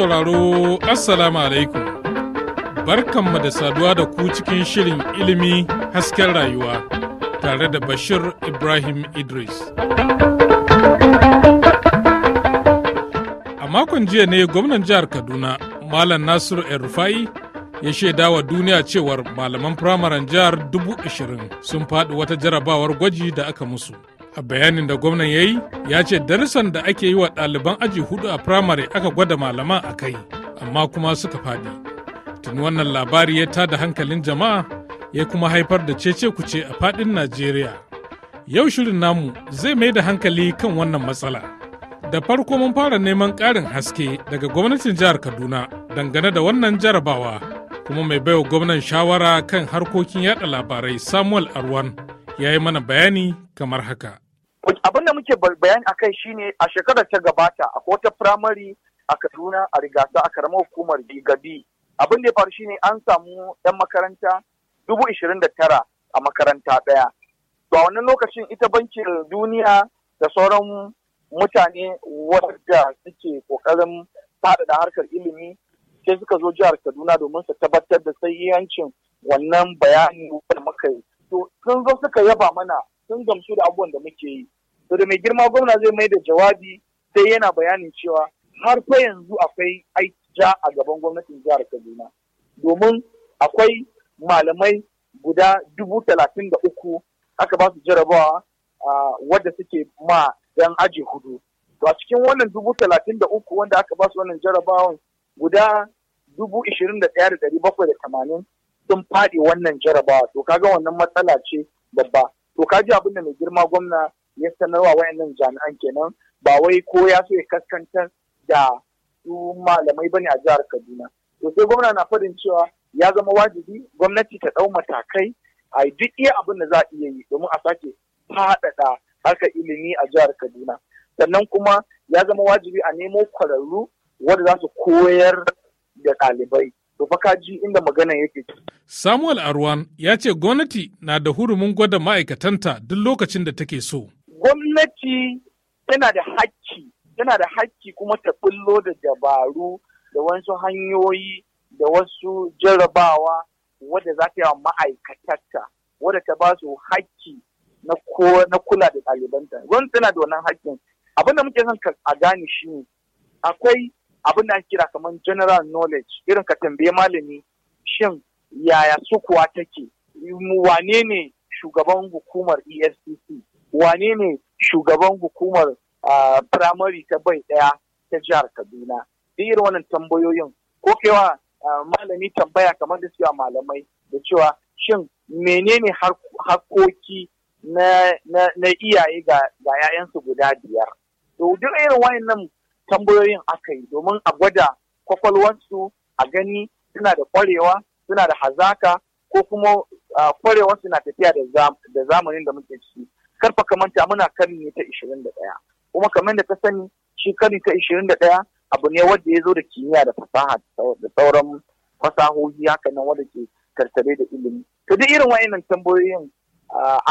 sauraro Assalamu alaikum. Barkanmu da saduwa da ku cikin shirin ilimi hasken rayuwa tare da Bashir Ibrahim Idris. A makon jiya ne gwamnan jihar Kaduna, Malam Nasiru El-Rufai ya shaida wa duniya cewar malaman firamaren jihar dubu ashirin sun faɗi wata jarabawar gwaji da aka musu. a bayanin da gwamnan ya yi ya ce darussan da ake yi wa ɗaliban aji hudu a firamare aka gwada malaman a kai amma kuma suka faɗi tuni wannan labari ya tada hankalin jama'a ya kuma haifar da cece kuce a faɗin najeriya yau shirin namu zai mai da hankali kan wannan matsala da farko mun fara neman ƙarin haske daga gwamnatin jihar kaduna dangane da wannan jarabawa kuma mai baiwa gwamnan shawara kan harkokin yada labarai samuel arwan ya yi mana bayani kamar haka abin da muke bayani a kai shine a shekarar ta gabata a wata firamare a kaduna a rigasa a karamar hukumar gadi abin da ya faru shine an samu yan makaranta dubu ishirin da tara a makaranta ɗaya to a wannan lokacin ita bankin duniya da sauran mutane wadda suke kokarin faɗaɗa harkar ilimi sai suka zo jihar kaduna domin su tabbatar da yancin wannan bayani da muka yi to sun zo suka yaba mana sun gamsu da abubuwan da muke yi to da mai girma gwamna zai mai da jawabi sai yana bayanin cewa har fa yanzu akwai ja a gaban gwamnatin jihar kaduna domin akwai malamai guda dubu talatin da uku aka ba su jarabawa wadda suke ma dan aji hudu to a cikin wannan dubu talatin da uku wanda aka ba su wannan jarabawan guda dubu ishirin da ɗaya da ɗari bakwai da tamanin sun faɗi wannan jarabawa to kaga wannan matsala ce babba to kaji abin da mai girma gwamna ya sanarwa wayannan jami'an kenan ba wai ko ya so ya kaskantar da su malamai bane a jihar Kaduna. To sai gwamna na fadin cewa ya zama wajibi gwamnati ta ɗau matakai a duk iya abin da za a iya yi domin a sake faɗaɗa harkar ilimi a jihar Kaduna. Sannan kuma ya zama wajibi a nemo kwararru wanda za su koyar da ɗalibai. To fa ka ji inda magana yake. Samuel Arwan ya ce gwamnati na da hurumin gwada ma'aikatanta duk lokacin da take so. gwamnati tana da hakki tana da hakki kuma ta bullo da dabaru da wasu hanyoyi da wasu jarabawa wadda za ta yi wa ma'aikatarta wadda ta ba su hakki na kula da ɗalibanta gwamnati tana da wannan hakkin abin da muke son a gane shi ne akwai abin da kira kamar general knowledge irin ka tambaye malami shin yaya sukuwa take wane ne shugaban hukumar efcc wane ne shugaban hukumar firamare ta bai ɗaya ta jihar kaduna duk irin wannan tambayoyin ko kewa malami tambaya kamar da suke malamai da cewa shin menene harkoki na iyaye ga 'ya'yansu guda biyar to duk irin wayannan tambayoyin aka yi domin a gwada kwakwalwarsu a gani suna da kwarewa suna da hazaka ko kuma kwarewarsu na tafiya da zamanin da muke ciki karfa manta muna kari ne ta 21 kuma kamar da ta sani shi kari ta 21 abu ne wanda ya zo da kimiyya da fasaha da sauran fasahohi haka nan wanda ke tattare da ilimi to duk irin wayannan tambayoyin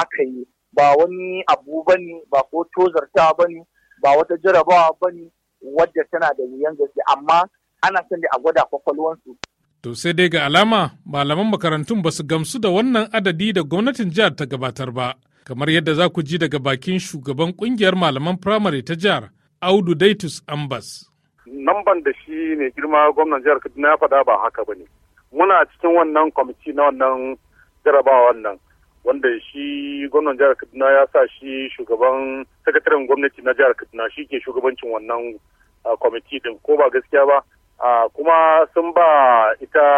aka yi ba wani abu ne ba ko tozarta ne ba wata jarabawa ne wadda tana da wuyan gaske amma ana son a gwada kwakwalwansu To sai dai ga alama malaman makarantun ba su gamsu da wannan adadi da gwamnatin jihar ta gabatar ba, kamar yadda za ku ji daga bakin shugaban kungiyar malaman firamare ta jihar audu daitus ambas namban da shi ne girma gwamnan jihar kaduna ya faɗa ba haka ba ne muna cikin wannan kwamiti na wannan jarabawa nan wanda shi gwamnan jihar kaduna ya sa shi shugaban sakataren gwamnati na jihar kaduna shi ke shugabancin wannan kwamiti din ko ba gaskiya ba kuma sun ba ita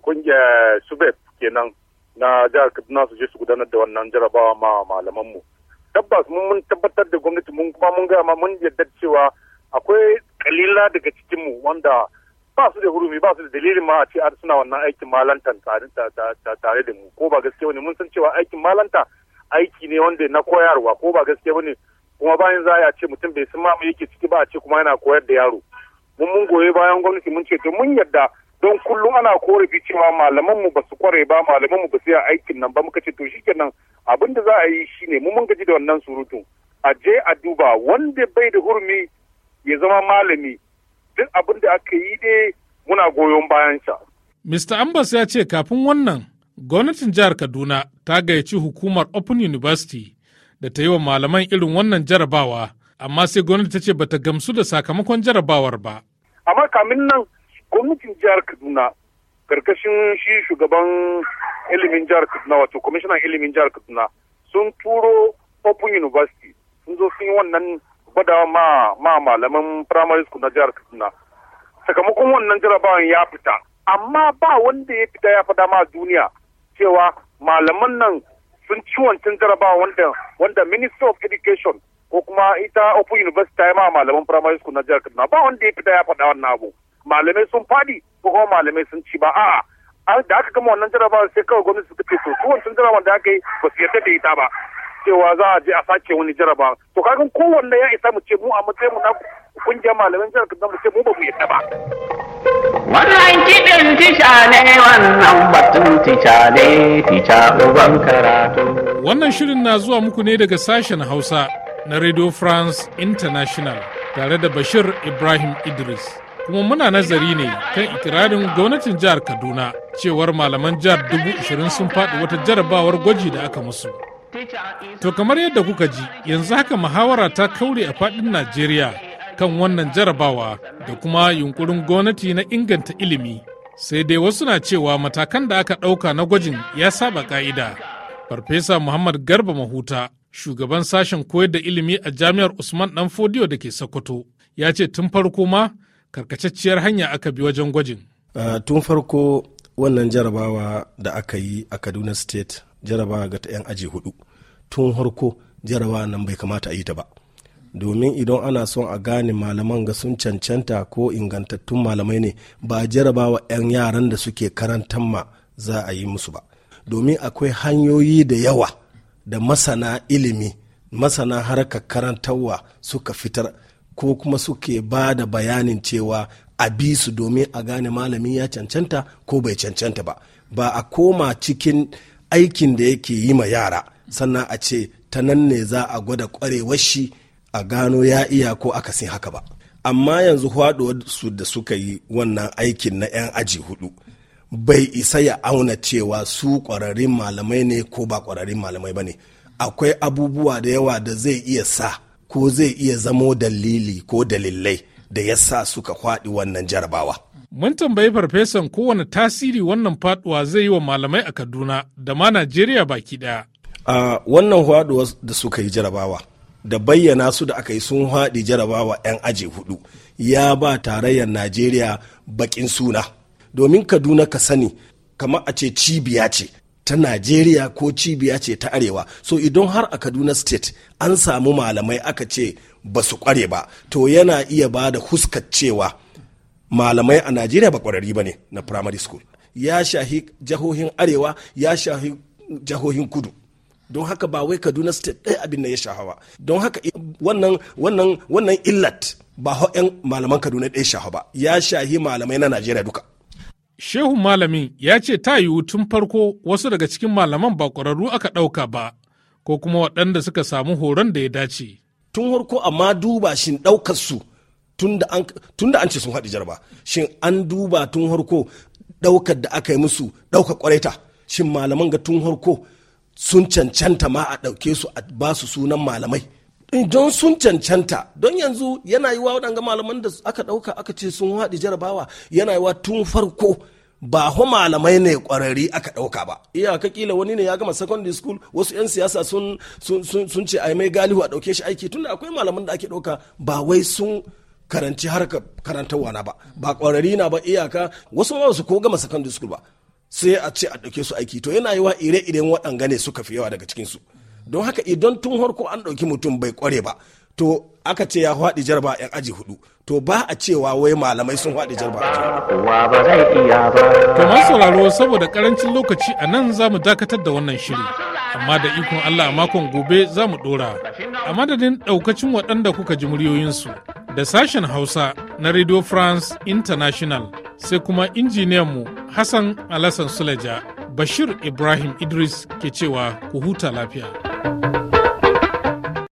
kungiyar subet kenan na jihar kaduna su je su gudanar da wannan jarabawa ma malamanmu tabbas mun tabbatar da gwamnati mun kuma mun gaya ma mun yarda cewa akwai kalila daga cikinmu wanda ba su da hurumi ba su da dalilin ma a ce suna wannan aikin malantan tare da mu ko ba gaskiya ne mun san cewa aikin malanta aiki ne wanda na koyarwa ko ba gaskiya ne kuma bayan za a ce mutum bai san ma yake ciki ba a ce kuma yana koyar da yaro mun mun goye bayan gwamnati mun ce to mun yarda don kullum ana korafi cewa malaman mu basu kware ba malaman mu basu yi aikin nan ba muka ce to shikenan abin da za a yi shine mu mun gaji da wannan surutu a je a duba wanda bai da hurmi ya zama malami duk abin da aka yi dai muna goyon bayan sa Mr. Ambas ya ce kafin wannan gwamnatin jihar Kaduna ta gayyaci hukumar Open University da ta yi wa malaman irin wannan jarabawa amma sai gwamnati ta ce bata gamsu da sakamakon jarabawar ba. Amma kamin nan gwamnatin jihar kaduna karkashin shi shugaban ilimin jihar kaduna wato kwamishinan ilimin jihar kaduna sun turo open university sun zo sun yi wannan gwadawa ma, ma malaman primary school na jihar kaduna sakamakon wannan jarabawan ya fita amma ba wanda ya fita ya fada ma duniya cewa malaman nan sun ci wancan jarabawa wanda wanda minister of education ko kuma ita open university ta yi ma malaman primary school na jihar kaduna ba wanda ya fita ya fada wannan abu malamai sun fadi ko kuma malamai sun ci ba a'a da aka gama wannan jarabawar sai kawai gwamnati suka ce to su wancan jarabawar da aka yi ba su yarda da ita ba cewa za a je a sake wani jaraba to kaga kowanne ya isa mu ce mu a matsayin mu na kungiyar malamin jihar Kaduna mu ce mu ba mu yarda ba wannan kiɗin tisha ne wannan batun tisha ne tisha uban karatu wannan shirin na zuwa muku ne daga sashen Hausa na Radio France International tare da Bashir Ibrahim Idris kuma muna nazari ne kan ikirarin gwamnatin jihar kaduna cewar malaman jihar dubu ashirin sun faɗi wata jarabawar gwaji da aka musu to kamar yadda kuka ji yanzu haka muhawara ta kaure a faɗin najeriya kan wannan jarabawa da kuma yunkurin gwamnati na inganta ilimi sai dai wasu na cewa matakan da aka ɗauka na gwajin ya saba ka'ida farfesa muhammad garba mahuta shugaban sashen koyar da ilimi a jami'ar usman ɗan fodiyo da ke sokoto ya ce tun farko ma karkatacciyar hanya aka bi wajen gwajin uh, tun farko wannan jarabawa da aka yi a kaduna state jarabawa ga ta 'yan aji hudu tun harko jarabawa nan bai kamata a yi ta ba domin idan ana son a gane malaman ga sun cancanta ko ingantattun malamai ne ba jarabawa 'yan yaran da suke karantar ma za a yi musu ba domin akwai hanyoyi da yawa da masana ilimi masana harkar karantarwa suka fitar ko kuma suke ba da bayanin cewa a bi su domin a gane malamin ya cancanta ko bai cancanta ba ba a koma cikin aikin da yake yi ma yara sannan a ce ta nan ne za a gwada kwarewar shi a gano ya iya ko akasin haka ba amma yanzu su da suka yi wannan aikin na 'yan aji hudu bai isa ya auna cewa su kwararrin malamai ne ko ba kwararrin malamai ba ne akwai abubuwa da yawa da zai iya sa ko zai iya zamo dalili ko dalilai da ya sa suka kwaɗi wannan jarabawa. Mun tambayi farfesan kowane tasiri wannan faduwa zai yi wa malamai a Kaduna da ma Najeriya baki ɗaya. A wannan faduwa da suka yi jarabawa da bayyana su da aka yi sun haɗi jarabawa 'yan aji hudu ya ba tarayyar Najeriya bakin suna. Domin Kaduna ka sani kamar a ce cibiya ce ta najeriya ko cibiya ce ta arewa so idan har a kaduna state an samu malamai aka ce ba su kware ba to yana iya ba da huskar cewa malamai a najeriya ba kwararri ba ne na primary school ya shahi jihohin arewa ya shahi jihohin kudu don haka ba wai kaduna state ɗaya abin da ya shahawa don haka wannan wannan wannan illat ba 'yan malaman kaduna ɗaya shahawa ba ya shahi malamai na najeriya duka Shehu malamin ya ce ta yiwu tun farko wasu daga cikin malaman ba ƙwararru aka ɗauka ba, ko kuma waɗanda suka samu horon da ya dace. Tun farko amma duba shin ɗaukar su tun da an ce sun haɗu jarba, shin an duba tun farko ɗaukar da aka yi musu ɗaukar ƙwaraita, shin malaman ga tun farko sun cancanta ma a ɗauke su a ba sunan malamai. Eh, don sun cancanta don yanzu yana yi wa waɗanga malaman da aka ɗauka aka ce sun haɗi jarabawa yana yi wa tun farko ba ho malamai ne ƙwararri aka ɗauka ba iyaka kila wani ne ya gama secondary school wasu 'yan siyasa sun, sun, ce a mai galihu a ɗauke shi aiki tunda akwai malaman da ake ɗauka ba wai sun karanci harkar karantarwa na ba ba ƙwararri na ba iyaka wasu ma su ko gama secondary school ba sai a ce a ɗauke su aiki to yana yi wa ire-iren waɗanga ne suka fi yawa daga cikinsu. su don haka idan tun harko an ɗauki mutum bai kware ba to aka ce ya faɗi jarba yan aji hudu to ba a cewa wai malamai sun faɗi jarba wa ba zai iya sauraro saboda karancin lokaci a nan za mu dakatar da wannan shiri amma da ikon Allah a makon gobe za mu ɗora a madadin ɗaukacin waɗanda kuka ji muryoyinsu da sashen Hausa na Radio France International sai kuma mu Hassan Alassan Suleja Bashir Ibrahim Idris ke cewa ku huta lafiya. Thank you.